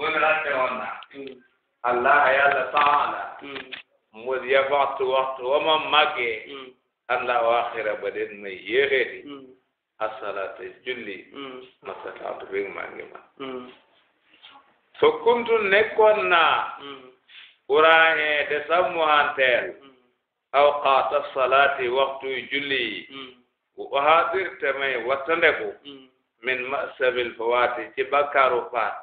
wëmalaate woon naa. allah yàlla mu di ya waxtu waxtu wa ma màggee. allah wa xira ba den may yéexee di. asalaata julli. masalaatu bi maa ngi ma. fa kuntu nekkoon naa. uraahee de sammuhanteel. awqaata salaati waxtu julli. wa haadir te may wattandeku. min masabil fawaati ci bakkaaru faat.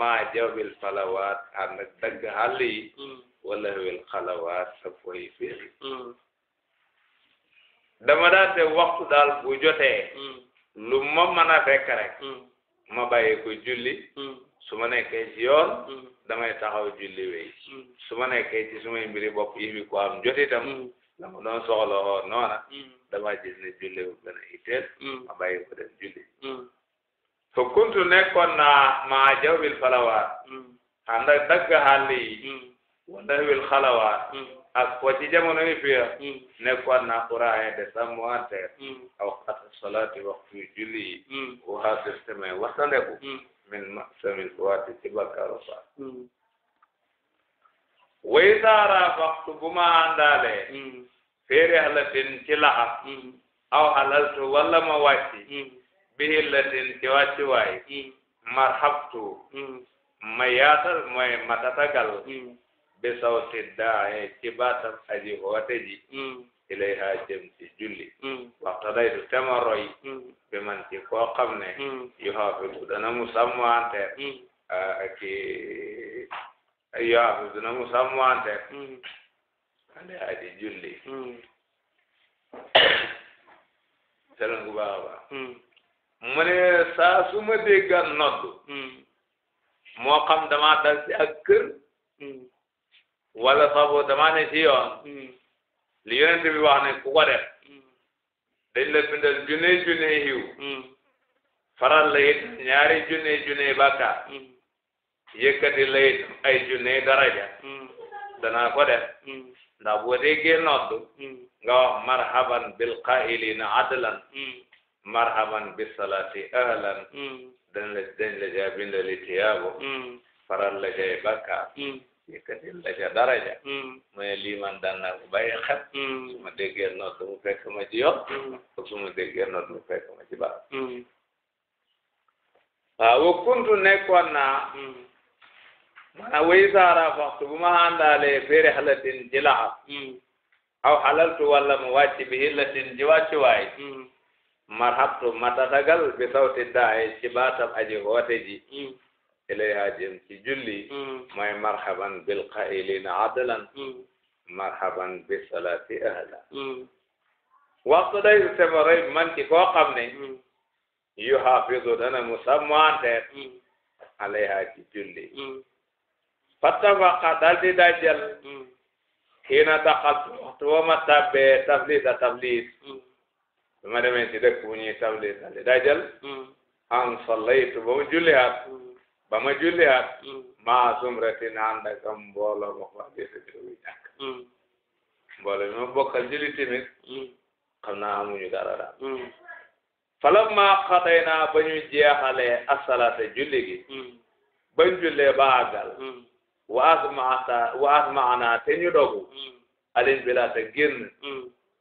maa jawbil falawaat ànd ak dagg xàll yi mm. wala wil xalawaat ak foy féex mm. dama daa te waxtu daal bu jotee mm. lu ma mën a fekk rek ma bàyyi ko julli su ma nekkee ci yoon damay taxaw julli wéy su ma nekkee ci sumay mbiri bopp yi fi jot itam la ma doon soxla woon noona dama gis ne julli bu gën a ma bàyyi ko dem julli fa kuntu nekkoon naa maa jawbil falawaat mm. ànd ak dagg xàll yi mm. wil xalawaat mm. ak fo ci jamono yi fiya nekkoon naa quraaye de sàmmante aw xat salaati waxtu julli yi waa système wasandeku min masamil waati ci bakkaaru fa way saara waxtu bu ma àndaale féere xalatin ci laxam aw xalaltu wala ma wàcci bihi la tin ci wàcci waay hmm. marhabtu hmm. ma yaatal mooy ma tatagal hmm. bi sawti daaye ci baatam aji woote ji ilayha jëm ci julli waxta daytu tema roy bi man ci koo xam ne yu haafidu dana mu sàmmanteer ki yu haafidu dana mu sàmmanteer ande aji julli selon gu baax a baax mu ne saa su ma dégga nodd hmm. moo xam damaa dal ci ak kër hmm. wala sabo damaa ne ci yoon hmm. li yonent bi wax ne ku ko def dañ la bindal junne junne yiw faral la it ñaari junne junne bàkkaar yëkkati la it ay junne daraja danaa ko def ndax boo déggee nodd nga wax marhaban bil qaa'ilina adlan marhaban bi salati ahlan mm. dañ la dañ la ja bindali tiyaabo mm. faral la jay bakkaar mm. yëkkati la ja daraja mu ne lii naa ko bàyyi xel su ma déggee mu fekk ma ci yoon su ma déggee mu fekk ma ci baax waaw kuntu nekkoon naa mana way saara waxtu bu ma àndaalee fi rihlatin ji laxas aw xalaltu walla mu wàcc bi hillatin ji wàccuwaay marhabtu matatagal bi sawti daaye ci baatab aji woote ji mm. ilayha jëm ci julli mm. mooy marhaban bil qailina adlan mm. marhaban bi salati ahla waxtu day semoray man ci koo xam ne yu hafizu dana musammanteer alayha ci julli fattafaqa dal di dajjal xiina daqaltu waxtu wa ma tabbee taflita taflit su ma demee ci dëkk bu ñuy tabli tali dajal hmm. an sallaytu ba ma julliyaat hmm. ba ma julliyaat hmm. maa sumratin ànd ak mbooloo ma fa dese bi ñàkk mbooloo mi ma bokkal julli timit xam naa amuñu dara daal falam maa xatay naa ba ñu jeexalee asalaata julli gi bañ jullee ba àggal wa asmaata wa asmaanaa te ñu dogu alin bilaata génn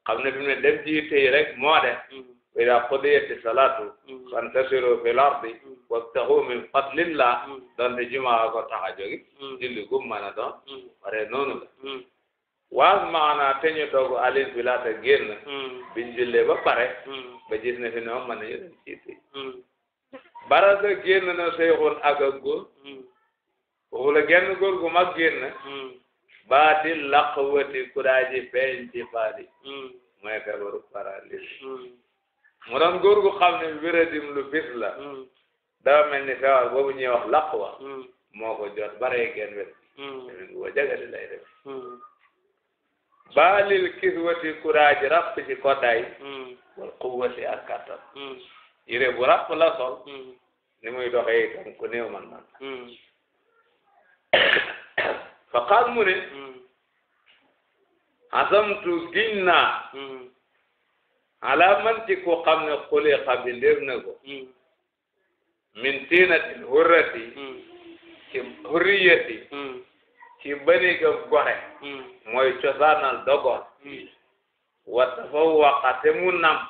xam ne fi mu ne dem ci yitte yi rek moo de wa mm-hmm. ida qudiyati salaatu mm-hmm. fantasiru fil ardi mm-hmm. wabtahu min fadlillah donte jumaa ko tax a jógi julli gum mën a doon pare noonu la waas maanaa te ñu toog alin bi laata génn biñ jullee ba pare ba gis ne fi ne moom mën nañu dem ci yitte yi barasa génn na seyxun ak ak góor foofu la genn góor gu mag génn baatil laqwati kuraaji feeñ ci faali hmm. mooy feebaru paralysie hmm. mu doon góor gu xam ne wéradim lu bis la hmm. dafa mel ni feebar boobu ñuy wax laqwa moo ko jot baree genn wet damin gu wa jagadi lay def baalil kiswati kuraaji rapp ci koddaay wal quwwati ak kattan yére bu rapp la sol ni muy doxee itam ku néew man man Faqal mu ne. Hmm. asamtu giñ naa. Hmm. ala man ci ko xam ne xule xabindir na ko. Hmm. min tiinatil hurrati. ci ci bani ga gore. mooy cosaanal dogoon. wa tafawwaqa te mu namp.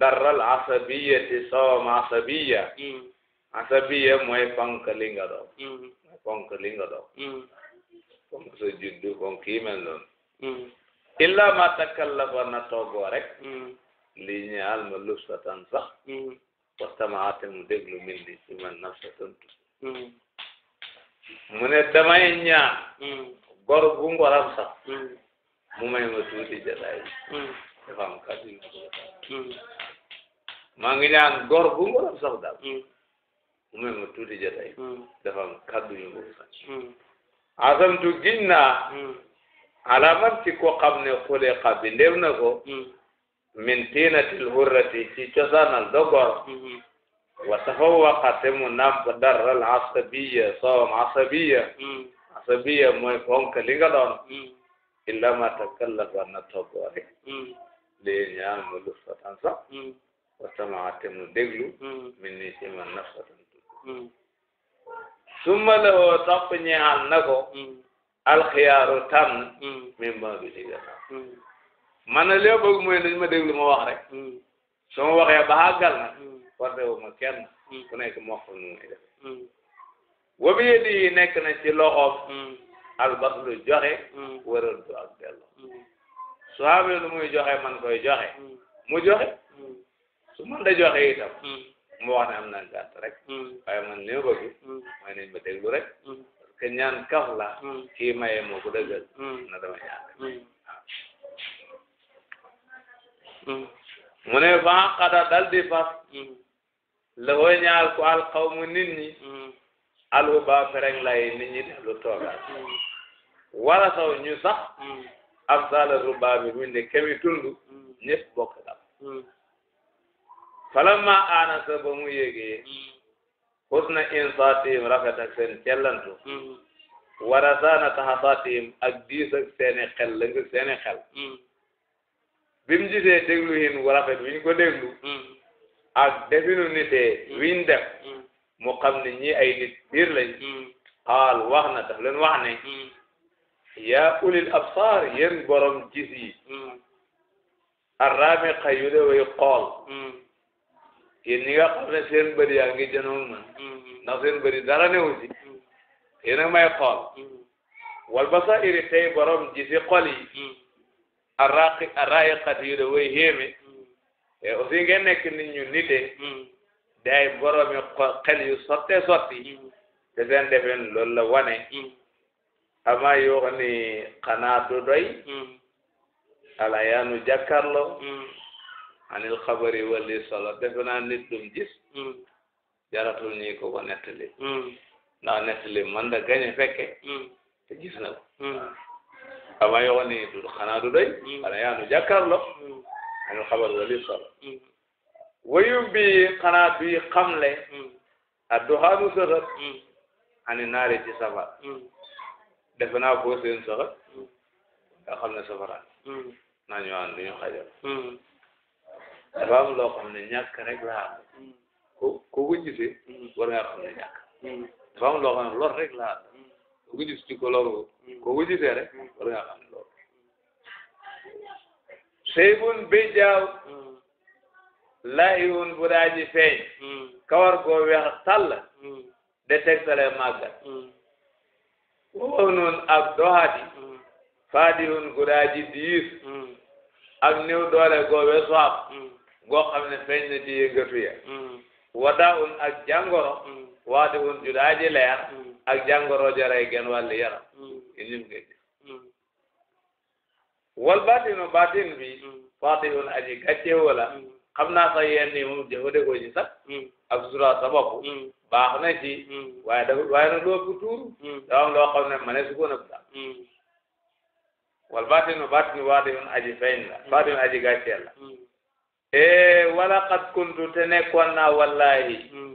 darral asabiyati sawam asabiya. asabiya mooy ponk li mooy ponk li sa juddu comme kii mel noonu hmm. illa ma takallafa na toogoo rek hmm. lii ñaal ma lufsatan sax hmm. waxtamaate mu déglu min li ci man nafsa tontu mu ne damay ñaan gor bu ngoram sax mu may ma tuuti jataay dafa am kàddu yu maa ngi ñaan gor bu ngoram sax daal mu may ma tuuti jataay dafa am kàddu yu bëgg sax asamtu giñ na hmm. alaman ci ko xam ne xuliqa bindeef na ko hmm. min dogor hmm. wa tafawwaqa mu nàmp darral asabiya soowam asabiya mooy fonk li nga doon illa ma takallafa na togoore lii ñaan mu lu satan sax wa mu déglu min ni ci man nafsatan summa la woo topp ñeexal na ko alxiyaaru tànn min baadu ci gannaaw man li ma bëgg mooy nañ ma déglu ma wax rek su ma waxee ba àggal na warte wu ma kenn ku nekk ma wax nu muy def wa bi yedi yi nekk na ci loxoom albaslu joxe wëral du ak delloo su xamee lu muy joxe man koy joxe mu joxe su man da joxe itam mu wax ne am na gàtt rek hmm. waaye man li ma bëgg mooy nañ ma déglu rek hmm. parce que ñaan kaf la hmm. kii maye moo ko dëggal na dama ñaan rek mu ne fan xada dal di fas la ko ñaal ku al qawmu nit ñi alhu ba fereng lay nit ñi def lu toogal wala saw ñu sax absala ruba bi mu ne kemi tundu ñëpp bokk dal falamma anasa ba mu yéegee husna insaatihim rafet ak seen cellantu mm-hmm. warasaana taxasaatihim ak diis ak seeni xel lëng seeni xel mm-hmm. bi mu gisee hin wa rafet wiñ ko déglu mm-hmm. ak definu nitee wiñ def mu xam ne ñi ay nit biir lañ xaal wax na daf leen wax ne yaa ulil absaar yéen borom gis yi arraami xayude way xool yéen ñi nga xam ne seen bëri yaa ngi jënoon mm-hmm. seen bëri dara newu ci mm-hmm. yéen a may xool mm-hmm. wal basairi tey borom ji si xol yi araqi araiqat yu da way xéeme te aussi ngeen nekk nit ñu nite day boromi xel yu sotte sotti te seen defen loolu la wane ama yoo xam ni xanaa du doy ala yaanu jàkkaarloo anil xabari wali solo defe naa nit dum gis hmm. jaratul ñi ko ko nettali hmm. ndax nettali man da gañe fekke hmm. te gis na ko ama yoo ni du xanaa du doy xanaa yaa nu jàkkaarlo anil xabari wali solo wayum bi xanaa bi xamle adduhaanu saxat ani naari ci safar defe naa boo seen saxat nga xam ne safaraan naa ñu aan ñu xajal dafa am loo xam ne ñàkk rek la am ku ku ko gisee war ngaa xam ne ñàkk dafa am loo xam ne lor rek la am ku ko gis ci ko lor ku ko gisee rek war ngaa xam ne lor seybun bi jaaw layun bu daa ji feeñ kawar goo weex tàll de tegtale màggat woonun ak doxati faadiyun gu daa ji diis ak néew doole goo we soab ngoo xam ne feeñ na ci yëngatu ya mm. wadaa un ak jàngoro mm. waade un judaaji leer mm. ak jàngoro jaray gen wàlli yaram inim nga ji wal batinu batin bi faati un aji gàcce wala xam naa sax yenn yi moom jëfade ko ci sax ak sura sa bopp baax na ci waaye dafa waaye nag loo ëpp tuur dafa ne ma ne su wal batin waade un aji feeñ la un aji gàcce la ee eh, wala qad te nekkoon naa wallahi hmm.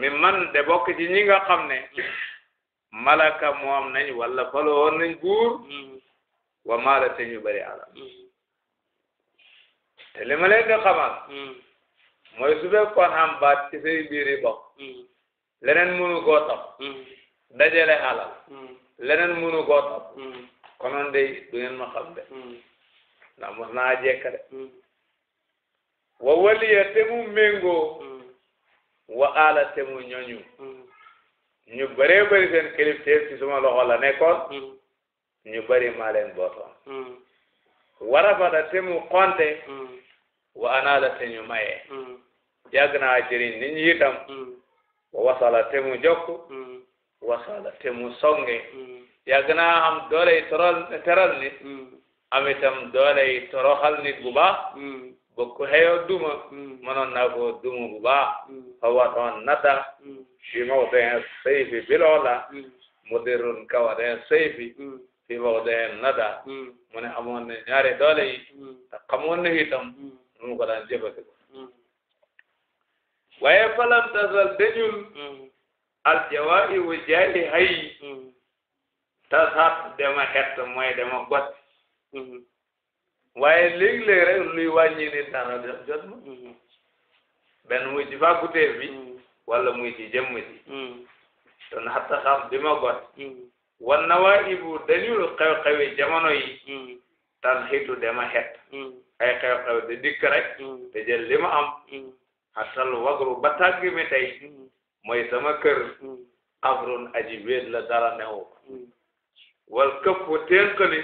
mi man de bokk ci ñi nga xam ne hmm. malaka moom nañ wala falo woon nañ buur hmm. wa maala te ñu bari alal te li ma leen di xamal mooy su fekkoon xam baat ci say biir yi bokk leneen mënu koo topp dajale alal leneen mënu koo topp konoon de du ngeen ma xam de ndax mos naa jekk de wa waliya temu méngoo mm. wa ala temu ñoñu ñu mm. bëree bëri seen kilifteef ci suma loxo la nekkoon ñu mm. bëri maa leen bootoon warafata temu konte wa anaala te ñu maye yàgg naa jëriñ nit ñi itam wa wasala temu jokk wasala temu songe yàgg naa am dooley toral teral nit am itam dooley toroxal nit bu baax boo ko xëyoo duma mënoon hmm. naa ko duma bu baax fawatoon hmm. nata fi hmm. mawdeen sayfi biloola mudirun kawadeen sayfi fi mawdeen nata mu ne amoon na ñaari doole yi te xamoon na itam nu mu ko daan jëfandikoo waaye falam tasal dañul aljawaahi wa jaali hay tasat dama xett mooy dama got waaye léeg-léeg rek luy wàññi nit daana jot ma mm-hmm. benn muy ci fàgguteef bi mm-hmm. wala muy ci jëmm ji don mm-hmm. xatta xam bi ma got wan na waa ibu dañul xew-xewi jamono yi tan xitu dama xet ay xew-xew da dikk rek te jël li ma am xattal wagru ba tàgg mi tey mooy sama kër afrun aji wéet la dara newu wal këpp téenkali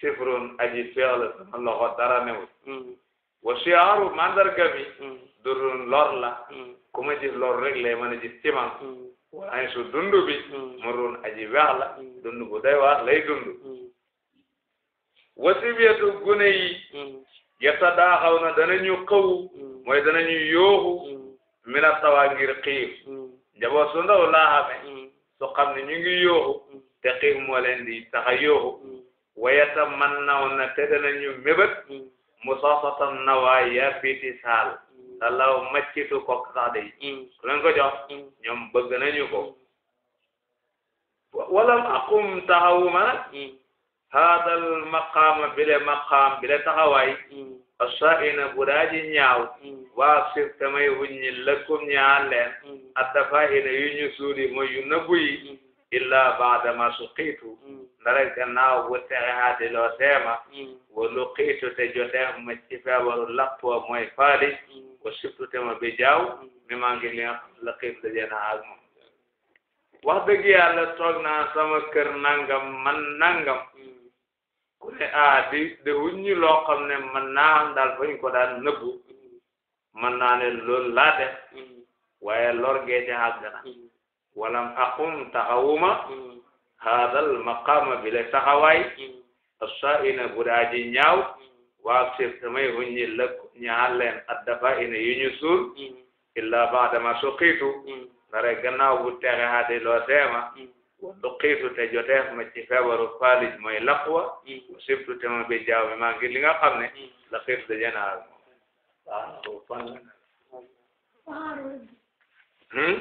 sifrun aji feex la sama loxo dara newul hmm. wa siyaaru mandarga bi hmm. durun lor la hmm. ku ma gis lor rek lay mën a gis bi murun aji weex la dund bu day wax lay dund wasibiyatu gune yi yetta daa xaw na danañu xawu mooy danañu yooxu mina tawa ngir xiif njaboot su ndaw laa xame su xam ne ñu ngi yooxu te xiif moo leen di taxa yooxu wayata man naw na te danañu mébét mu soosotan na waa ya biti saal talaw maccitu ko sax ku leen ko jox ñoom bëgg nañu ko walam aqum taxawuma nag haadal maqaama bile maqaam bile taxawaay assaina budaaji ñaaw waa sif tamay wuññi lëkkum ñaar leen mm. attafaina yu ñu suuli mooy yu nëbbu yi illa baadama suqiitu mm. ndara gannaaw bu texe haadiloo teema mm. wa luqiitu te joteef ma ci feebaru lapp wa mooy faali mm. wa sibtu te ma bi jaaw mi maa ngi leen laqiit dajee naa ak moom wax dëgg yàlla toog naa sama kër nangam man nangam ku ne ah di de wuññi loo xam ne man naa am daal fañ ko daan nëbbu man naa ne loolu laa def waaye lor gee ci àgg na walam aqum taxawuma haadal hmm. maqaama bi la taxawaay hmm. assaa'ina bu daaji ñaaw hmm. waa sif damay huññi lëkk ñaal leen addafa ina yu ñu suul illa baadama suqiitu ndare gannaaw bu texe haadi loo teema luqiitu te joteef ma ci feebaru faalij mooy laqwa sibtu te ma bi jaaw mi maa ngi li nga xam ne laqiitu daje naa ak moom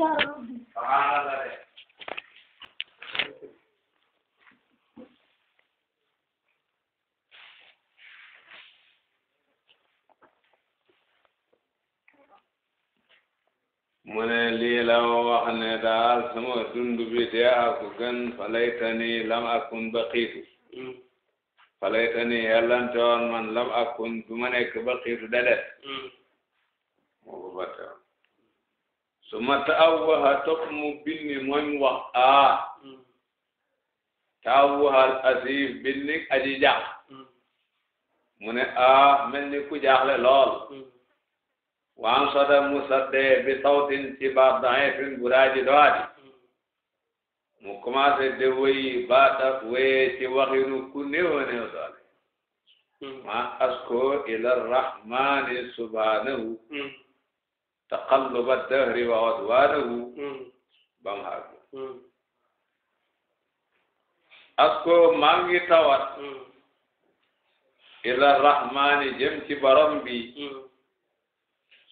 waaw Faala la de. mu ne lii la wax ne daal sama dundu bi de aku gën falaytani lam akun baqiitu hmm. falaytani yàllante woon man lam akun du ma nekk baqiitu dedet moo hmm. ko batte woon su ma taawuha topp mu binni mooy mu wax ah taawuha asif binni aji mu ne ah mel ni ku jaaxle lool waan soda mu saddee bi sawtin ci baat daifin bu daaji doadi mu commencé de wéy baata wéyee ci waxinu ku néew a néew hmm. ma asko ila rahmani subhanahu hmm. taqalluba dahri wa odwaanahu hmm. ba mu xaag hmm. asko maa ngi tawat hmm. ila rahmaani jëm ci borom bi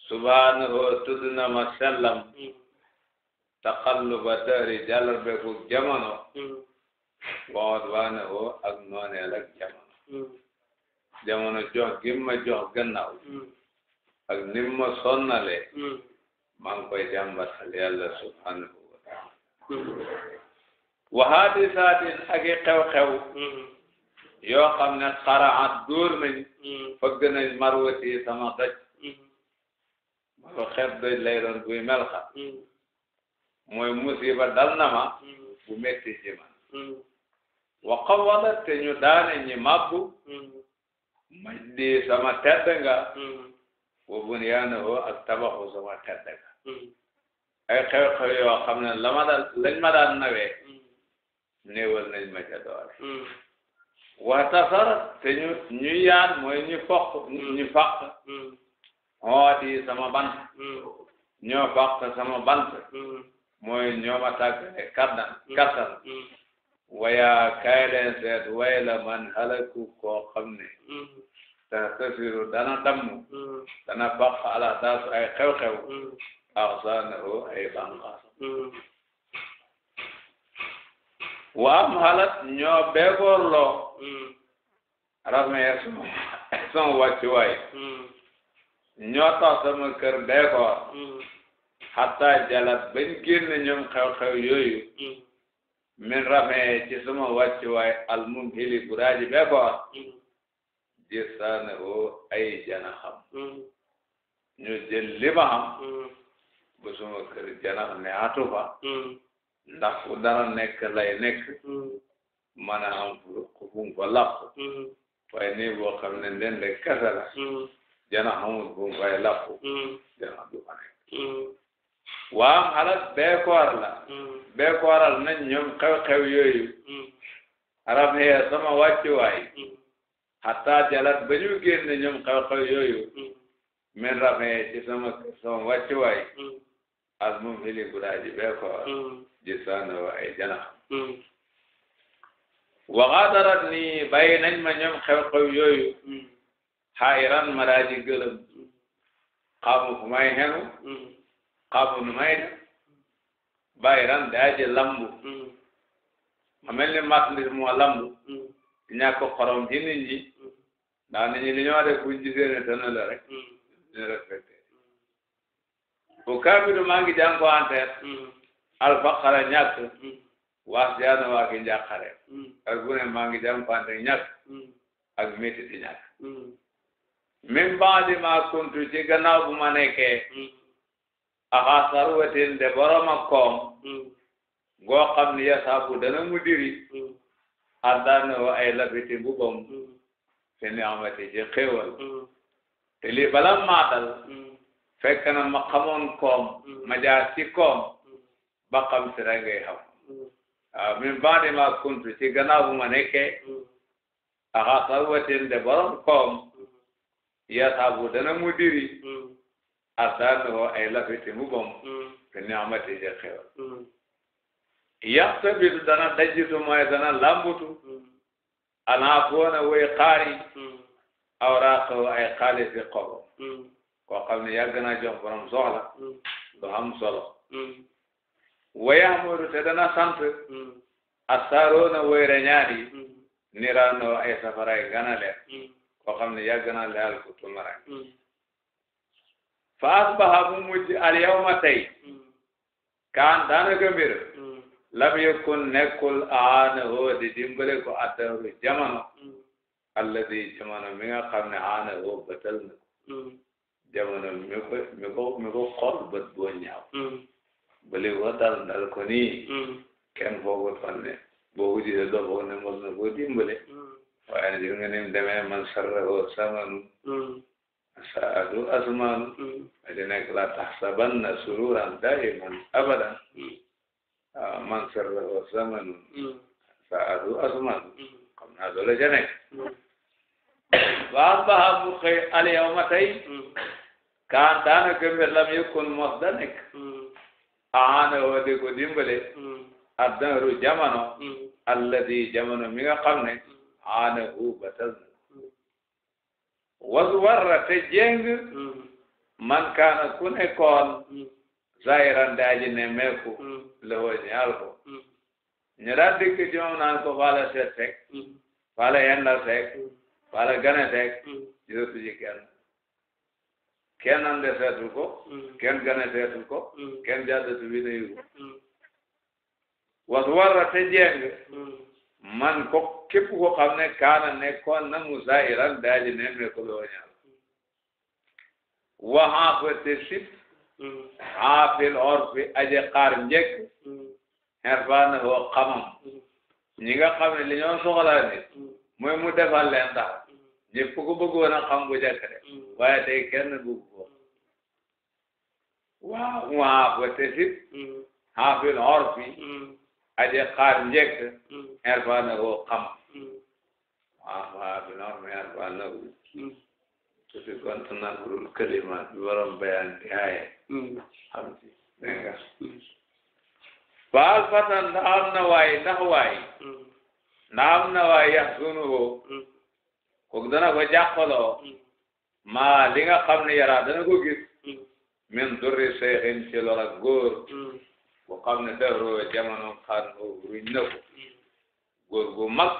subhanahu tudd na ma sellam taqalluba dahri jàllar beku jamono wa odwaanahu ak nooneel ak jamono jamono jox gi ma jox gannaaw ak nim ma sonnale hmm. maa koy jàmbatal yàlla subhanahu wa taala hmm. wa haadisaatin ak i xew-xew hmm. yoo xam ne xaraat dóor nañ fëgg nañ marwati sama doj malu xeet doj lay doon buy mel xam mooy dal na bu metti ci man wa te ñu daane ñi mabbu maj di sama tedd wa bunyaanahu ak tabaxu sama tedd ga hmm. ay xew-xew yoo xam ne la ma daan lañ ma daan nawee hmm. néewal nañ ma ca doole hmm. te ñu ñu yaan mooy ñu foq ñu fàq xooti sama bant ñoo fàq sama bant mooy ñoo ma tàggale kardan kartan waya kaay leen seet la man halaku koo xam ne tastasiru dana damm dana baq ala daas ay xew-xew axsaanahu ay bànqaas waam halat ñoo beegoorloo rasmee son wàccuwaay ñoo tax sama kër beegoor xataa jalat bañ génne ñoom xew-xew yooyu min rasmee ci sama wàccuwaay al mum hili buraaji beegoor jisaane woo ay janaxam hmm. ñu jël li ma am hmm. bu suma kër janax ne atu fa hmm. ndax fu dara nekk lay nekk man a am fu mu fa làpp waaye nii boo ne leen de kese janax amul fu mu fay làpp janax du fa waa xalaat bee koor la bee kooral nañ ñoom xew-xew yooyu arab ne sama wàccuwaay xataa jalat ba ñu génne ñoom xaw-xaw yooyu min rafee ci sama sama wàccuwaay mm. as moom fili gudaa ji bee koor ji mm. saana ay janax mm. waxaadarat nii bàyyi nañ ma ñoom xew-xew yooyu xaayiran ma daa ji gëlëm xamu fu may xenu xamu nu may def bàyyiran daa ji lambu ma mel ni mas ndir moo lambu ñàkk xorom ci nit ñi ndax ñi li ñoo def buñ gisee ne dana la rek ñu mm. respecté bu kaabiru maa ngi jàng ko en tête mm. alfaqara ñàkk mm. waas jaana waa ki njàqare bu ne maa ko en ñàkk ak di ñàkk min baadi maa kuntu ci gannaaw bu ma nekkee axaa sarwatin de borom ak koom goo xam ne yasaabu dana mu diri Addaana wa ay labiti mbubam. Mm. fi ni amati ci xéewal. Mm. te lii bala maa dal. Mm. fekk na ma xamoon koom. ma koom. ba xam si rek ngay xam. ma kuntu ci gannaaw bu ma nekkee. axa sarwatin de borom koom. yasaabu dana mu diri. Addaana wa ay labiti mbubam. fi ni amati ci xéewal. yàq bitu dana dajjitu mooy dana làmbutu mm. alaa koona way xaari mm. awraaqahu ay xaalisi xobo mm. koo xam ne yàgg naa soxla du am solo wayahmudu te dana sant asaaroona way reñaadi niraanoo ay safaray ganale koo xam ne yàgg naa leyal ku tumara fa asbaha mu mujj al yawma tey kaan daanaka mbir lam yakun nekkul aanahoo di dimbale ko addahru jamono alladi jamono mi nga xam ne aanahoo bëtal na ko jamono mi ko mi ko mi ko xool bët boo ñaaw bali ko dal dal ko nii kenn foogut fan ne boo ko gisee doo foog ne mos na koo dimbale waaye nag nga nim demee man sarrahoo samanu saadu asmaanu ma di nekk la taxsabanna sururan daiman abadan man sarrahu zaman saatu asman xam naa doo la ca nekk ba ba bu xëy al yawma tey kaan daanaka mbir lam yëkkun mos da nekk aana wa de ko dimbale addaaru jamono alladi jamono mi nga xam ne aana hu batal na was warra te jéng man kaana ku nekkoon zahiran daaji ne meeku hmm. lewoo ñaal ko hmm. ñu daal dikk ci moom naan ko faala seet teg hmm. faala yendal teg faala gane teg gisatu ji kenn kenn ande seetu ko kenn gane seetu ko kenn jaddatu bi nayu ko was warra te jeng man ko képp ko xam ne kaana nekkoon na mu zahiran daaji ne meeku lewoo ñaal waxaa ko te sip xaafil orfi aje xaar njëkk xerfaan woo xamam ñi nga xam ne li ñoo soxla ni mooy mu defal leen ndax ñëpp ko bëggoon a xam bu njëkk de waaye tey kenn bëgg ko waaw mu xaafa te sit xaafil orfi aje xaar njëkk xerfaan woo xamam waaw xaafil orfi xerfaan woo su fekkoon te nag lu kalimaat bi waroon bayaan di hmm. nga baal fatan ndax am na waay ndax waay hmm. ndax na waay yax sunu woo ko jàqaloo hmm. maa li nga xam ne yaraa dana min durri seexin ci lor ak góor bu xam ne dahroo jamono xaan ruñ na ko góor gu mag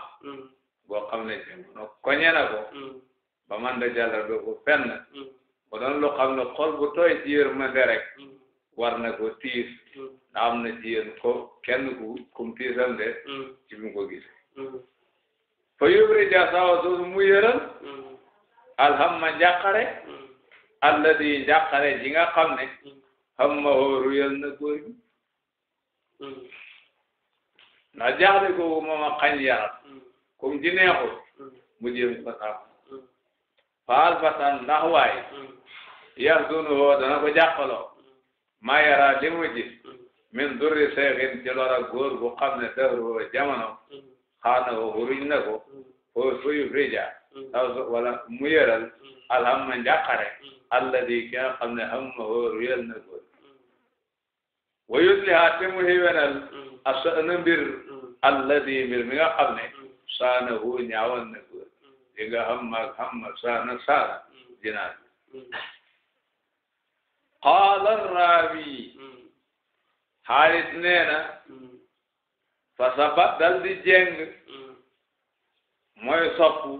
boo xam ne jamono koñe na ba man de jàll doo ko fenn mm-hmm. bu doon lu xam ne xol bu tooy ci yërmande rek mm-hmm. war na ko tiis ndax mm-hmm. am na ci yéen ko ku kum tiisal de ci mu ko gis fa yóbbu ja sawa soosu mu yëral alhamma njàqare alladi njàqare ji nga xam ne xam ma hóoru yal na góor gi ndax jaaxle googu moom a xañ yaram kum ji neexul mu jéem ko sàmm faal fasan ndax waay yar dunu hoo dana ko jàqaloo maa yara li mu gis min durri seexin ci lora góor bu xam ne dahru jamono xaar na ko huruñ na ko foo suyu frija wala mu yëral alhamma njàqare alladi ki nga xam ne hamma hoo ruyal na góor wayut li haa te mu hiwenal asa na mbir alladi mbir mi nga xam ne saana huu ñaawoon na di nga xam saana saana jinaan qaala raawi xaalis nee na fa saba dal jeng mooy soppu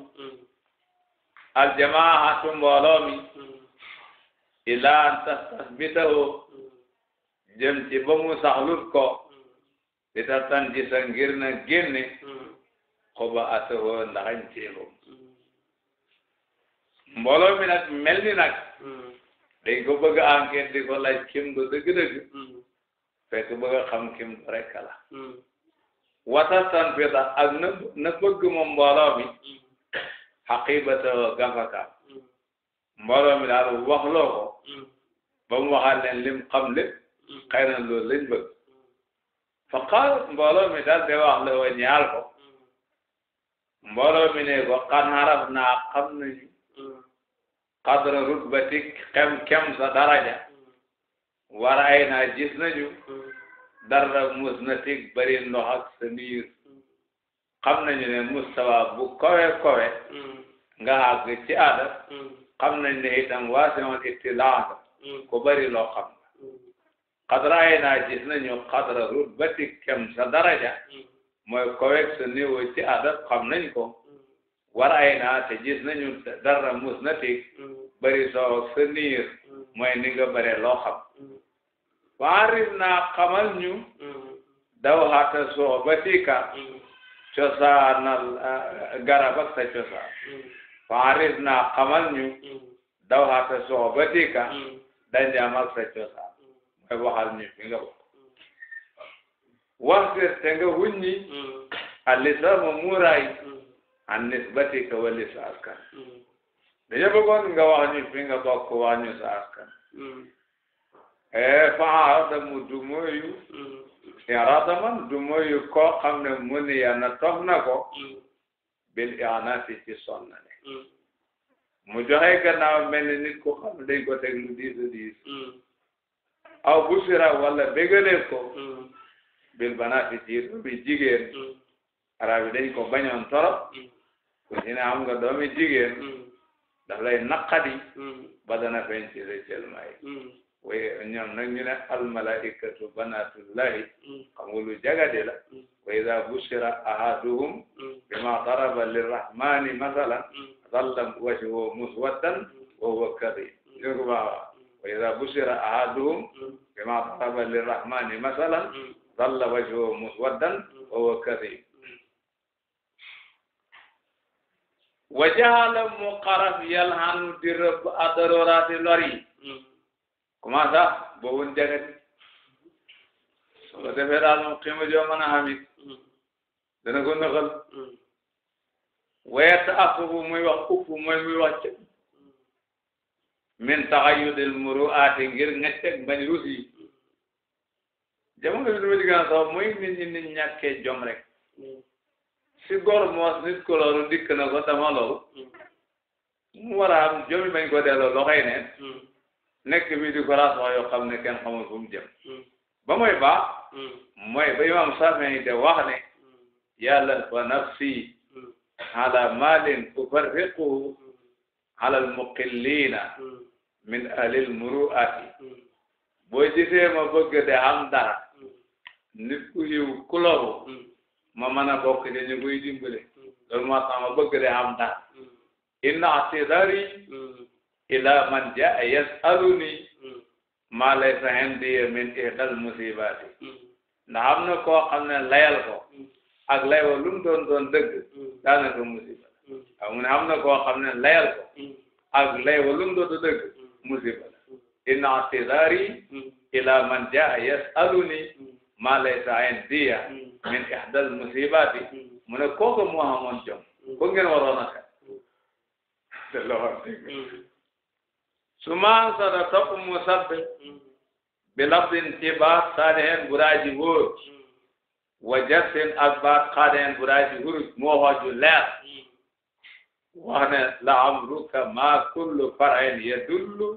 aljamaahatu mbooloo mi ilaa an tastasbitahu jëm ci ba mu saxlut ko di tartan ci sa ngir na génne xuba atahu ndaxañ teekom mbooloo mi nag mel ni nag hmm. dañ ko bëgg a enquête di ko laaj kim do dëgg-dëgg hmm. fekk bëgg a xam kim do rek la hmm. watartan fida ak na na bëgg moom mbooloo mi xaqibata gafaka mi daal wax loo ko ba mu waxaat leen lim xam lépp xëy na loolu lañ bëgg fa qaal mbooloo mi daal de wax la wa ñaal mi ne ko xan xaraf naa xam nañu qadra rutbatik kem kem sa daraja war ay naa gis nañu dara mus na tig bari ndox ak sa niir xam nañu ne mustawa bu kowe kowe nga àgg ci aada xam nañu ne itam waasiwoon ittilaada ku bari loo xam qadra ay naa gis nañu qadra rutbatik kem sa daraja mooy kowe sa niir ci aada xam nañ ko waraay naa te gis nañu dara mus na tig mm. bari soo sa mm. mooy ni nga bare loo mm. naa xamal ñu daw xaata soo ba tika cosaanal eh, garab ak sa cosaan waarif naa xamal ñu daw xaata soo ba tika danjaam ak sa cosaan mooy waxal ñu fi nga bokk wax te nga wuññi alisa mu muuraay an nisbati ka wali sa askan mm. dañu bëggoon nga wax ñu nga bokk wax ñu sa askan ee mm. fa arada mu dumóoyu irada mm. e, man dumóoyu koo xam ne mu ni ya na tof na ko bil ianati ci sonna ne mu joxe gannaaw mel ni nit ku xam ne dañ ko teg lu diis a diis aw busira wala bégalee ko bil banati ci bi jigéen arab yi dañ ko bañoon torop ku ci ne am nga doomi jigéen mm. daf lay naqadi mm. ba dana feeñ ci sa cëlmaay mm. waaye ñoom nag ñu ne almalaikatu banatullahi xam nga lu jagadi la wa ida bushira ahaduhum bima daraba lirrahmani masalan zalla wajhuhu muswaddan wa huwa kadhim ñu ko baax wa ida bushira ahaduhum bima daraba lirrahmani masalan zalla wajhuhu muswaddan wa huwa kadhim wajaala mu xaraf yal xanu di rëbb adarooraati lor yi comment boobu njagati su defee daal moom xiima joo mën a xamit dana ko nëxal wayet asubu muy wax upp mooy muy wax cëg min taxayudil muruaati ngir ngeceg mbañ ruus yi jamono bi dama ci gën a sax mooy nit jom rek si góor moos nit ko loolu dikk na ko dama lool war a am jomi bañ ko delloo loxoy neen nekk bi di ko raasoo yoo xam ne kenn xamul fu mu jëm ba mooy baax mooy ba imam Saafi de wax ne yàlla fa nafsi ala malin ufarriquhu ala almuqillina min alil muruati boo gisee ma bëgg de am dara nit ku yiw ku loru ma mën a bokk ci ñu koy dimbale loolu moo tax ma bëgg de am dara inna atidari ila man jaa yasaluni ma laysa indiya min ihdal musibati ndax am na koo xam ne layal ko ak lay wa lu mu doon doon dëgg daanaka musiba la mu ne am na koo xam ne layal ko ak lay wa lu mu doon dëgg musiba la inna atidari ila man jaa yasaluni ma laysa indiya min ihdal musibaati hmm. mu ne kooku moo amoon jom hmm. ko ngeen waroon a xel la wax dëgg su ma sada topp mu sabbe hmm. bi lafdin ci baat saadiheen buraaji wóor wa jarsin ak baat xaadiheen buraaji huruj moo xooju leer wax ne la amruka ma kullu farain yadullu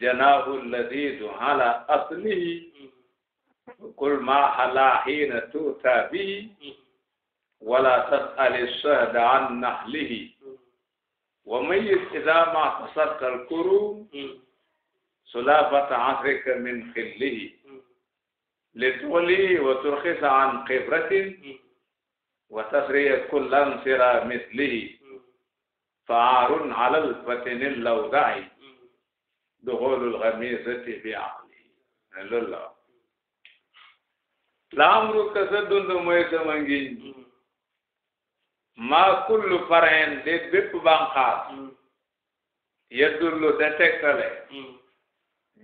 janaahu alladidu ala aslihi kul ma hala hina tuuta bihi wala tasali sahda an nahlihi wa mayit ida ma tasarta alkurum sulafata asrika min xillihi lituli wa turxisa an xibratin wa tasriya kullan sira mislihi faarun ala albatini lawdai duxulu alxamisati bi aqlihi loolu la laamru ka sa dund mooy sama ngiñ maa kullu farayen de bépp banqaas yedullu da tegtale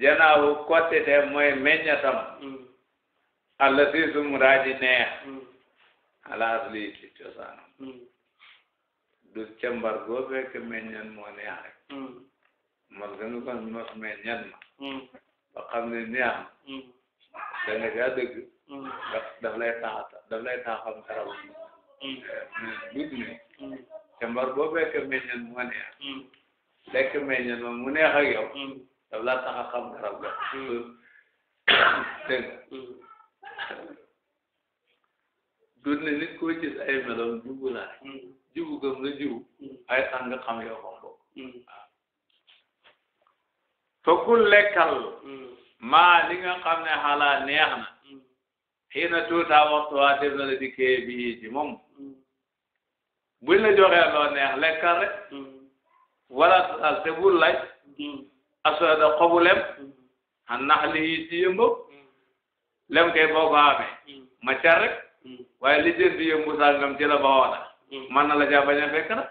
janaawu kottite mooy meññatam allah si sum raaji alaas lii ci cosaanam du càmbar goo fekk meññan moo neex rek mos ga nu ma ba xam ne neex da nga caa daf daf lay tax daf lay taxam karaw dut ne te mbar boo bekk meññeen moo neex mu neex ak yow daf laa tax a xam karaw ga dégg dut ne nit koo gis ay meloom jubu naa ay san nga xam yow xam bokk lekkal hmm. maa li nga xam ne xalaa neex na xiina tuutaa waxtu waa dem na la dikkee bii ci moom hmm. buñ la joxee loo neex lekkal hmm. wala al te bul laaj hmm. asoo da xobu lem xan nax li ci yëmba lem kay boo ko amee ma car rek waaye li jënd yëmbu sàngam ci la man na la caa bañ a fekk ah,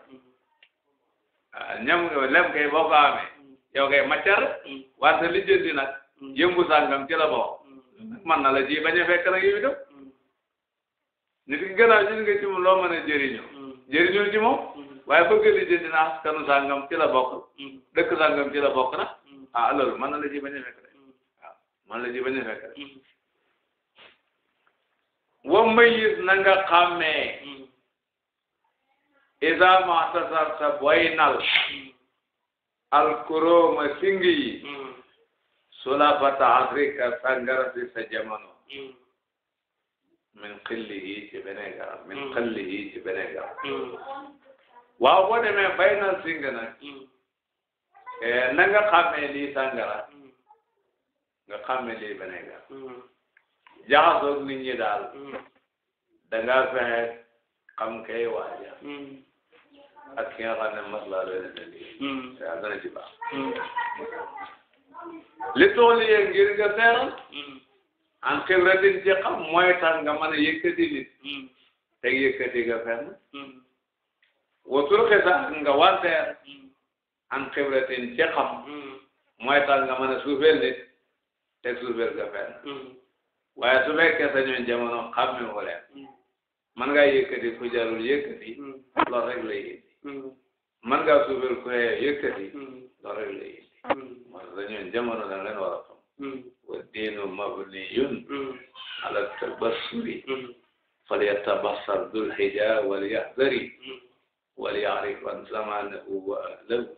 lem kay boo ko amee yow kay ma car wante li jëndi nag yëmbu sàngam ci la bawoo man na ji bañ a fekk nag yow itam nit ki gannaaw gis nga ci moom loo mën a jëriñoo mm. jëriñoo ci moom mm. waaye bëgg li jënd na askanu sàngam ci la bokk mm. dëkk sàngam na ah loolu man na ji bañ a man la ji bañ a fekk rek wa mayis isa ma tasar sa boy nal alkoroma sulafata afrika sangara si sa jamono min xillihi ci beneen garab min xillihi ci beneen garab waaw bay na singa na nga xàmmee lii sangara nga xàmmee lii beneen garab jaxasoog nit ñi daal da ngaa fexe xam kay waaja ak ki nga xam ne mas laa doon dana ci li tool yi ngir nga seeral mm. an xibratin ci xam mooy tax nga mën a yëkkati nit mm. teg yëkkati nga fenn mm. watur nga wanteer an xibratin ci xam mooy tax nga mën a suufeel nit teg suufeel nga fenn waaye su fekkee sa ñoon jamono mi wu man ngaa yëkkati ku jarul yëkkati loolu rek la man ngaa suufeel ku yëkkati loolu rek la man dañu jamono da ngeen war a xam wa diinu mabniyun ala tabassuri falyatabasar dul hija walyahdari walyaarif an zamanahu wa ahlahu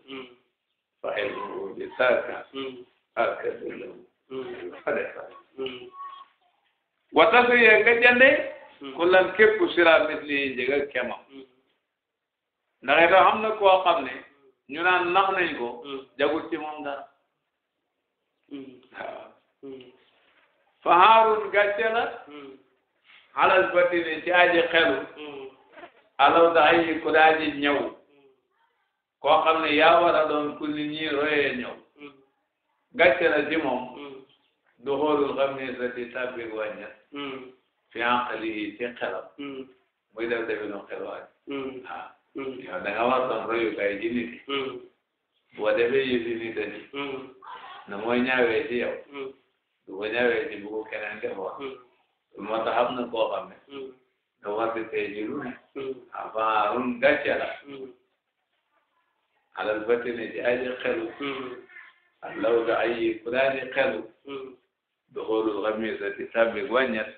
fa ilmuhu bi saaka akadu lahu adefa wata si ye nga jënde kullan képp sira misli yi njëga kemam ndax itam am na koo xam ne ñu naan nax nañ ko mm. jagut ci moom dara mm. mm. fahaarun gàcce la halal batini ci aji xelu alaw da ayi ku daaji ñëw koo xam ne yaa war a doon ku nit ñi royee ñëw gàcce la moom du xoolul xam ne sa ti tàbbik wàññat fi ànqali yi ci xelam muy def definu xelwaat ah Mm. yow mm. mm. da nga war a doon royukaay ji nit boo defee ni na mooy ñaawee ci yow du ko ñaawee ci bu ko keneen defoon moo tax am na koo xam ne da war di tey ji ne avant run gàcce la alal batine ci aji xelu alaw ga ayi ku daaji xelu doxoolul xamisa di tàbbi wàññet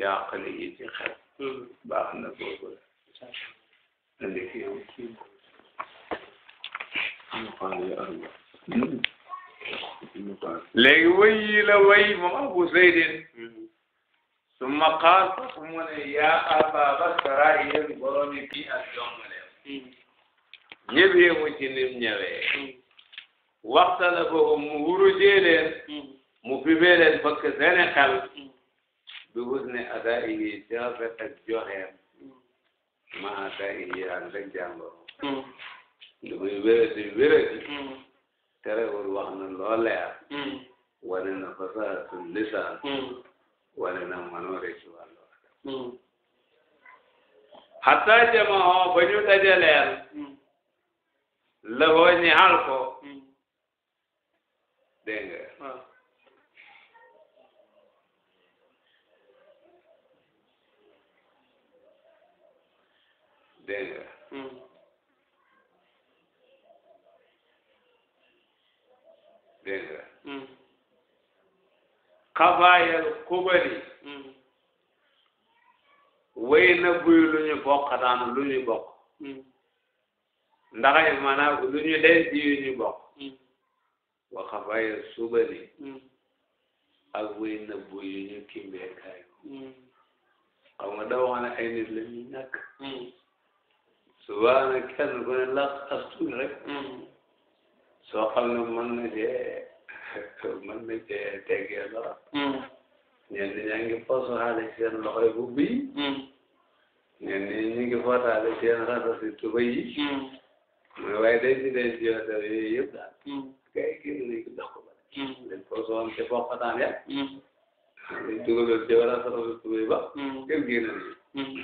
yaa xali yi ci xel Aliki am kii léegi way yi la way moom Abu Zaydin summa qaal mu ne yaa Aba Bakra yéen borom yi kii ak jongaleem ñëpp yéemu ci nim ñëwee waxtana ko mu wurujee leen mu fibee leen fekk seen bi wut ne adaa yi ci rafet ak maa day yi ànd ak jàngoro mm. lu muy wéradi wéradi mm. terewul wax na loo leer mm. wane na fasaatul lisaan wane na manoore ci wàllu adam hatta jamaa ba ñu dajaleel la hoo ñi hal ko dégg nga dégg nga dégg nga xabaayal kubali hmm. wéy na buy lu ñu bokk daan lu ñu bokk hmm. ndaxay maanaam lu ñu denc yu ñu hmm. wa xabaayal subali ak wéy na buy yu ñu kimbeekaayu xam nga da wax ne ay nit la ñuy souvent nag kenn ku ne lax as tuuti rek soo xam ne mën na cee mën na cee teggee dara hmm. ñenn ñaa ngi posu xaale seen loxoy bubb yi hmm. ñenn ñi ñu ngi footaale seen ratasi tuba yi mais hmm. waaye dañ ci dañ ci yoo def yooyu yëpp daal kay kii nañ ko dox ko ba dañ posu woon ci bokkataan ya dañ dugaloon ci war a ratasi tuba yi ba kenn génn nañu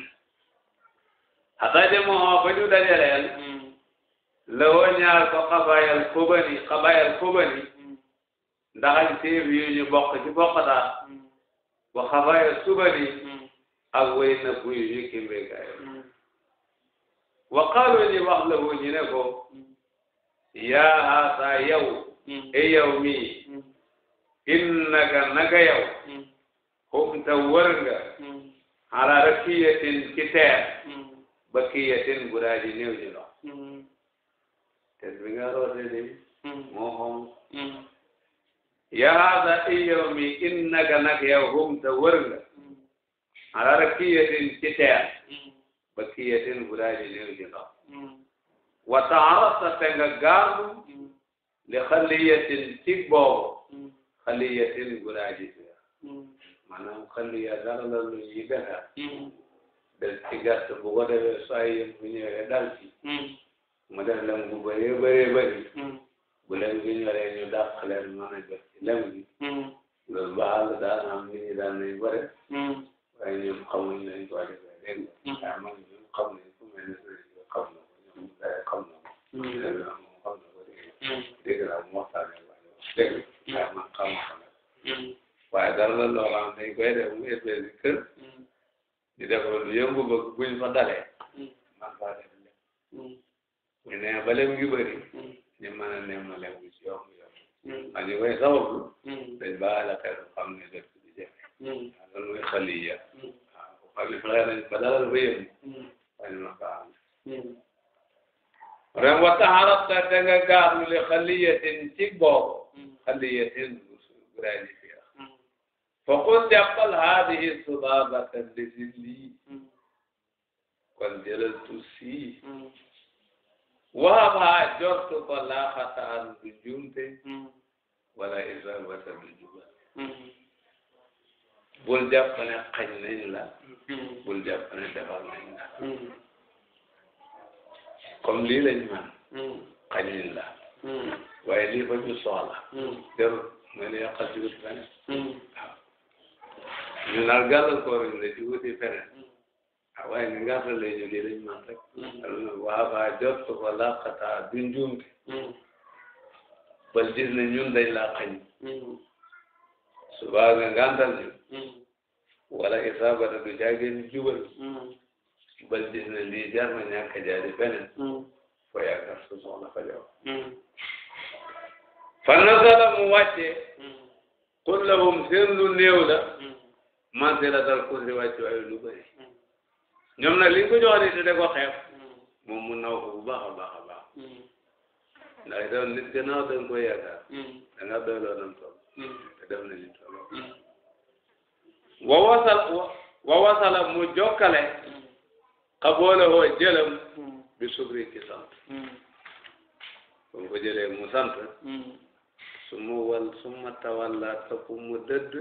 xasaje moo ba ñu dajaleel hmm. lawoo ñaar ko xabayal kobani xabayal kobani hmm. ndaxañ téef yu ñu bokk ci bokkataa hmm. wa xabayal subani ak way na buy yu kimbékaay wa qaalu ñu wax lahu ñu ne ko yaa haasa yow e yow mii innaka naka yow xumta wër nga ala rakiyatin ci bakiyatin guraaji néew ji lox hmm. te bi nga roote ni hmm. moo xom hmm. yahaada iyow mi innaka nag yow xum te wër nga ala rakiyatin ci teer bakiyatin guraaji néew ji lox wa taarasta te nga gaalu li xaliyatin ci boobu xaliyatin guraaji teer maanaam xaliya dara la lu ñuy del ci gàtt bu ko defee soo ay bu ñëwee dal ci mu def lem bu bëree bëree bëri bu lem gi ñoree ñu dàq leen mën a jot ci lem gi loolu baaxal daan am nit ñi daan nañ ko def waaye ñoom xamuñ nañ ko defee dégg nga waaye man ñoom xam nañ ku mel ne sëriñ xam na ko ñoom dara xam na ko dégg naa moom xam na ko dégg naa mu waxtaanee waaye dégg waaye man xam xam waaye dara la loo xam dañ koy def mu épee si kër di def lu yëngu ba buñ fa dalee man fa def lépp ñu ne ba lépp ngi bëri ñu mën a nem ma lépp ci yomb yomb ma mm. ñu koy sabablu mm. dañ ba alaka lu xam ne def di jafe waaw xaliya mm. waaw bu xam ne fexe nañ ba dalal ba yëngu wañu ma ko am ren wa taxarata da nga gaarlu li xaliyatin ci boobu xaliyatin bu guraaji fiya jëlal tuut sii hmm. waab haa jortu ko laa xataan du jumte hmm. wala isabata du jubal hmm. bul jàpp ne xañ la bul jàpp ne defal la comme lii lañ man xañ nañ la waaye lii fa ñu soxla jarul nga ne yàqal ci wut beneen waaw xaaral lay jógee dañ man rek waa ba jot su ko laqataa du njuumte hmm. bal gis ne ñun hmm. hmm. wala isaabata du jaagee ni jubal bal gis ne lii jar na ñàkk a jaari feneen fo yaakaar su soxla fa jaw mu wàcce qul lahum seen lu néew la mansilata al kursi wàcce ñoom nag liñ ko jox de ko xeeb mm. moom mu naw ko bu baax a baax a baax mm. ndax itam nit gannaaw mm. da nga koy yaakaar da nga mu jokkale xaboole sant ba mu ko jëlee mu sant su ma wal su ma tawalla mu dëdd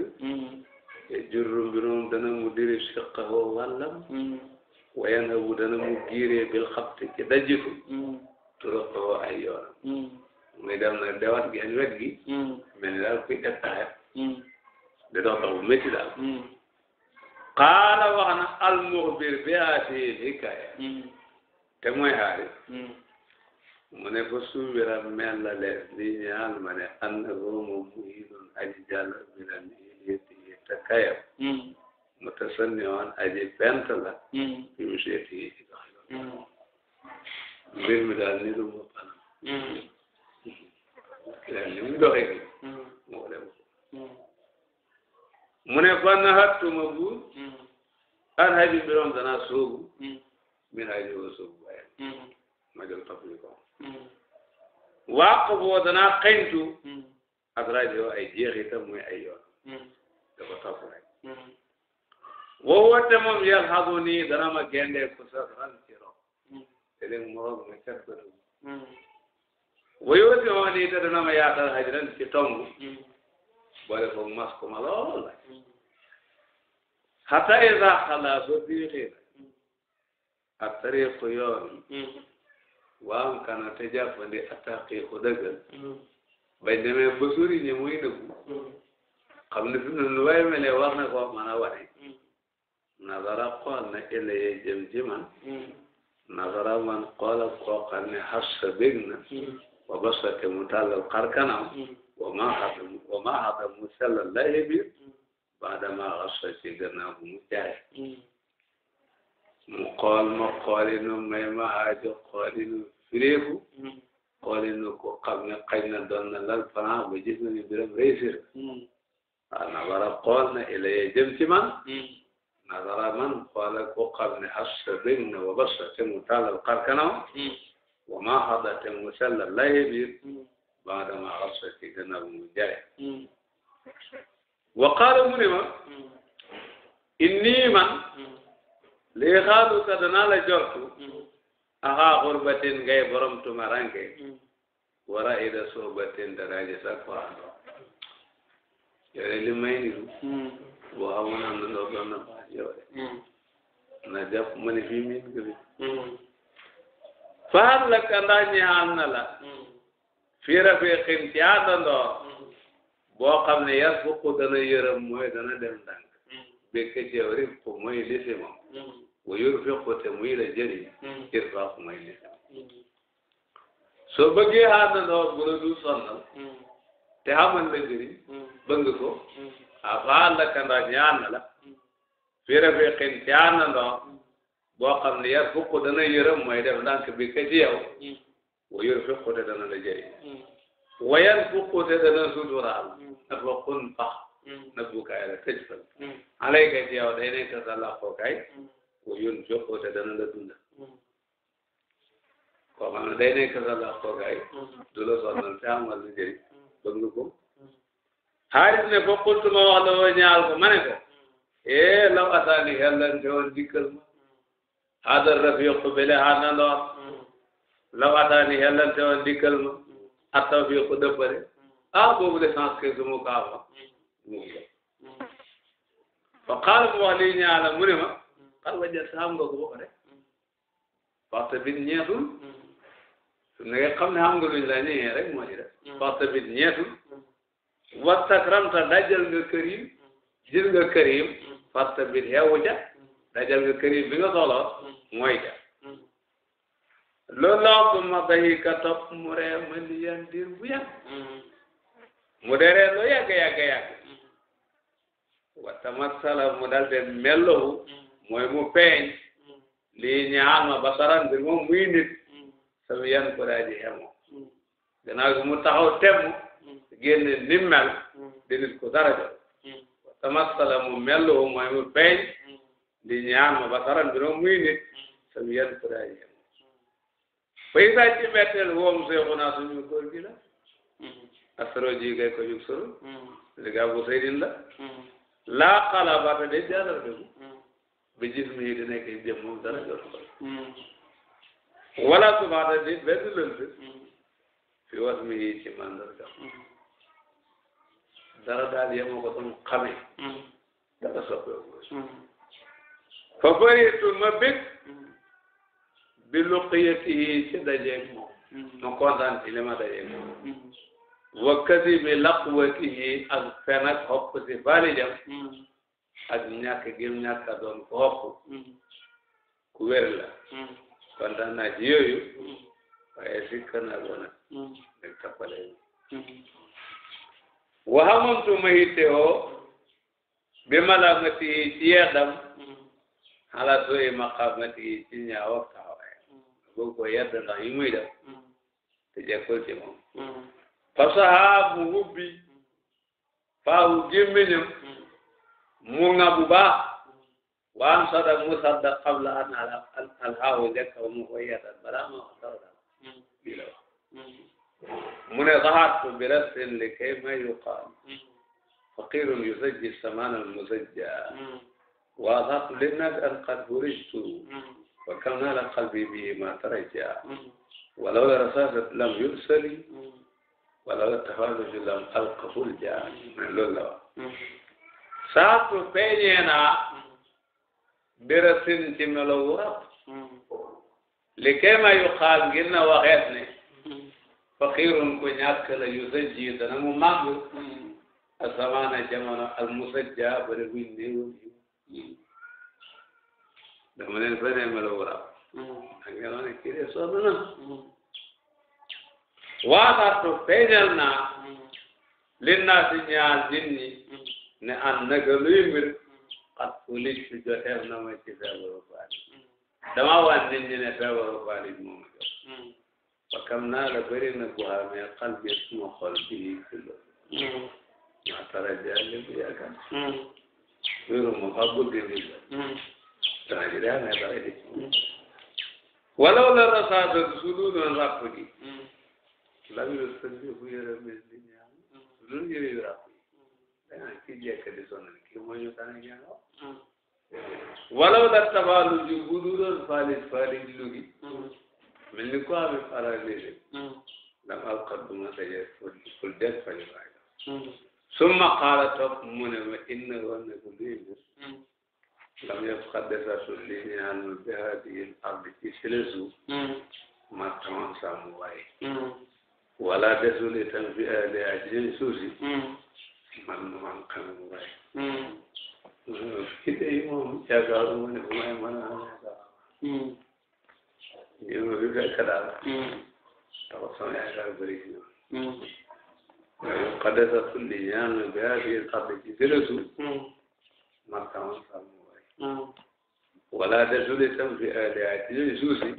te jurrum bi dana mu diri siqahu wàllam wayen habu dana mu giiree bil xabti ci dajitu turux ko ay yoonam muy dem na dewat gi ak wet gi mel ni daal kuy def taxet di dox dox bu métti daal qaala wax na al muxbir bi haatihi hikaaya te mooy xaari mu ne ko suubira mel la lees li ñaan ma ne annahu muhilun aji jàll min al hiliyatihi takayam mutasanni on aji bent la fi mu seeti yi ci dox yoon mbir mi daal ni lu mu panam leen ni mu doxe gi moo dem mu ne fan na hattuma bu an haji mbirom dana soobu min haji wo soobu waaye ma jël topp ñu ko waaq boo dana xeñtu adrajo ay jeexitam muy ay yoon dafa topp rek woo woote moom yal xamu nii dana ma génne ku sa ran ci ro hmm. te léegi mu roog ma cat si ma nii te dana ma yaatal hajran ci tomb hmm. boole foog mas ko ma lool hmm. hatta isa xalaa ba biixee a tariqu yoon waam kana te jàppandi attaqiqu dëggal bañ demee ba sori ñi muy nëbbu xam ne fi mu ne lu waay melee war ko mën a wane nazara xool na ilayee jëm ci man hmm. nazara man xool ak koo xam ne xasa bég na hmm. wa basa te mu tàllal xar kanam hmm. wa ma xadam wa ma xadam mu sellal laye biir baadama xasa ci gannaaw bu mu jaay mu xool ma xoolinu may ma aajo xoolinu fireeku xoolinu ko xam ne xëy na doon na lal fanaan ba gis na ni biram réussir waaw nazara xool na ilayee jëm ci man nadara man xoolal ku xam ne Hafsa bég na wa basa te mu tàllal xar kanam. wa ma hada te mu sellal layi biir. ba dama Hafsa ci gannaaw mu jaay. wa qaala mu ne ma. inni man. lii xaalu ka danaa la jortu. aha xurbatin ngay borom tumaranke. wara ida soobatin daraja sa ko ando. yore li may niru. boo xamoon am na loo gën a baax yow de hmm. na jàpp ma ne fii miin nga fi hmm. la ka ndax ñaan na la hmm. fii rafiqin ci àndandoor boo xam ne yar fukk dana yërëm mooy dana dem ndànk békk ci yow rek ko mooy lisi moom wa yor fekk te muy la jëriñ ir faa ko mooy lisi moom soo bëggee àndandoor bu la du sonnal te xamal la jëriñ ko afaal la kanda ñaan na la fii rafiqin ci àndandoo boo xam ne yar fukk dana yërëm mooy def ndànk bi ka ci yow mm. wayur fukk te dana la jëriñ mm. wayan fukk te dana suturaal mm. na fa kun fax na bukaay la tëj fal alayka ci yow day nekk sa làqookaay wayun fukk te dana la dunda koo xam ne day nekk sa làqookaay du la sonnal te amal la jëriñ bëgg xaalis ne ko xultu ma wax la woo ñaal ko ma ne ko eh law asaani xellan te woon dikkal ma hada rafiqu bele hana loor law asaani xellan te woon dikkal ma attawfiqu dëppale ah boobu sans que su mu kaa fa fa xaal mu wax lii ñaala mu ne ma xal wa jël xam nga ko ba pare parce que bit ñeetul su nekkee xam ne xam nga luñ la ñëwee rek moo ci def hmm. parce que bit ñeetul wastakramta dajal nga karim jël nga karim fasta bit xeewu dajal nga karim bi nga soxla mooy ja loolu la wax ma bayi ka topp mu ree ma liyan mu dee ree loo yàgg yàgg mu dal de mellowu mu feeñ lii ñaar ma basaran bir moom muy nit sawiyan ko daaji hemo gannaaw gi mu taxaw temm génne ni mel mm. di nit ku daraja mm. tamassala mu melloo mooy mu beeñ mm. di ñaan ma ba saran bi noonu muy nit sam yen ku daa yéen bay saa ci metteel woom seexu naa suñu góor gi la asaro ji kay ko yug suru ligaa bu seydin la laa xala bata de jàllar degu bi gis mi di nekk jëm moom dara jot ko wala subaata di benn lënt fi was mi ci mandarga dara daal yemoo ko tam xamee dara mm. soppeeku mm. fa baritu ma bég bi luqiyatihi ci dajeeg moom ma mm. kontaan ci li ma dajeeg moom wa kadimi laqwatihi ak fen ak xopp si bali jam ak ñàkk gim ñàkk a doon ko xopp ku wér la kontaan naa ci yooyu waaye sikka naa ko nag dëgg tappale waxamantu ma yittewoo bi malamati yi ci yeddam xalaat sooy maqamati yi ci ñaaw ak taxawaay bëgg ko yedd ndax yi muy def te jekkul ci moom fasaha mu hubbi faahu gémmiñam mu nga bu baax waan sada mu sadda qabla an alxaahu jekkaw mu ko yeddal balaa ma ko dawdal mu ne zahartu bi rassin li kay ma yuqaal faqirun yusajji saman al musajja waasaatu linnaas an qad burijtu wa kam naala qalbi bihi ma tarajja walaw la rasaasat lam yursali walaw la tafaaluju lam alqa fulja mais loolu la wax saatu peeñee naa bi rassin ci melo wu rab li kay ma yuqaal ngir na waxeet ne faqiirun ku ñàkk la yu sajji dana mu màgg asamaana jamono al musajja bare buñ néewal yi dama leen fa nee melo wuraw ak ngelaw ne kii de sonn na waataatu feeñal naa lin naa si ñaar nit ñi ne an naga luy mbir xat polis su joteef na ma ci feebaru faali dama wan nit ñi ne feebaru faali moom a jot fakam naa la bëri na bu amee xal suma xol bi ci ma tara jaale bu yaakaar wéru ma fa bëgg ni la tara ji daa ngay bare de walaw la rasaata su lu doon ràpp gi lam yu sëgg bu yëre mel ni ñaan su doon yëre yu ràpp yi danaa ci jekk di sonal kii moo ñu tane ñaan walaw la tabaalu ji bu doon faalis faalis lu gi mel ni ko abi paralysé hmm. dama alxat duma daje pour del fañu waaye summa qaala topp mu ne ma inna woon ne ko lii hmm. lam yëpp xaddesatu li ñaanul bi haadihi ardi ci sile suuf hmm. ma taman sàmm waaye wala desul itam fi aali ajin suuf si man man xamam waaye fii day moom yaakaaruma ne fu may mën a yow bi fekk daal. taxul sama yaakaar bëri ci ñoom. waaye xadasa tulli ñaan na bi yaa biir xam ne ci bérébu. markaman sàmm waay. wala de tulli tam fi aali ay ci ñoom suuf si.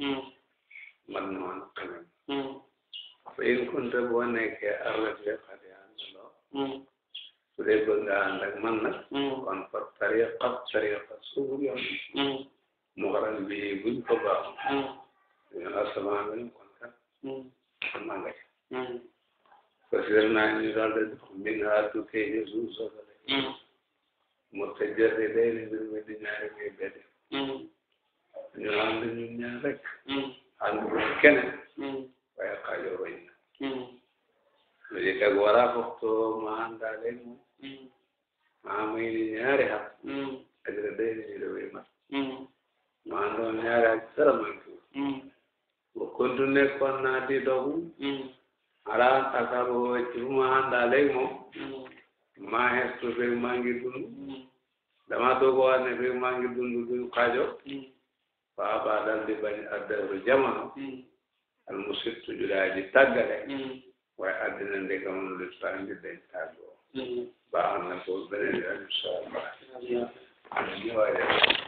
man na man xamem. fa in kunta boo nekkee arna bi xam ne ànd loo. su dee bëgg nga ànd ak man nag. kon fa tariqa tariqa suuf yoon. mu waral bii buñ ko baax. ñu ne asamaan bi ñu kontaan. Hmm. amaa nga ca. Hmm. parce que naa ñu daal di min haa tukkee ñu suuf soosa la. Hmm. mu tëjee si day di mbir mi di ñaari ngay bedd. ñu naan di ñu ñaan rek. ànd bu keneen. waaye xaajoo bañ na. lu ci teg war a foktoo ma àndaale moom. maa muy ni ñaari xam. ak day di ñu dafay mat. maa doon ñaari ak dara maa ngi wa kuntu nekkoon naa di dogu ala takaru ci fu ma àndaaleeg moom maa xestu fekk maa ngi dund mm. dama doog wax ne fekk maa ngi dund duñ xaajo waa mm. ba dal di bañ addaru jamono mm. al musit tujulaa ji tàggale waaye addina ndeka moom lu tàngi dañ tàggoo baax na ko beneen yoon incha allah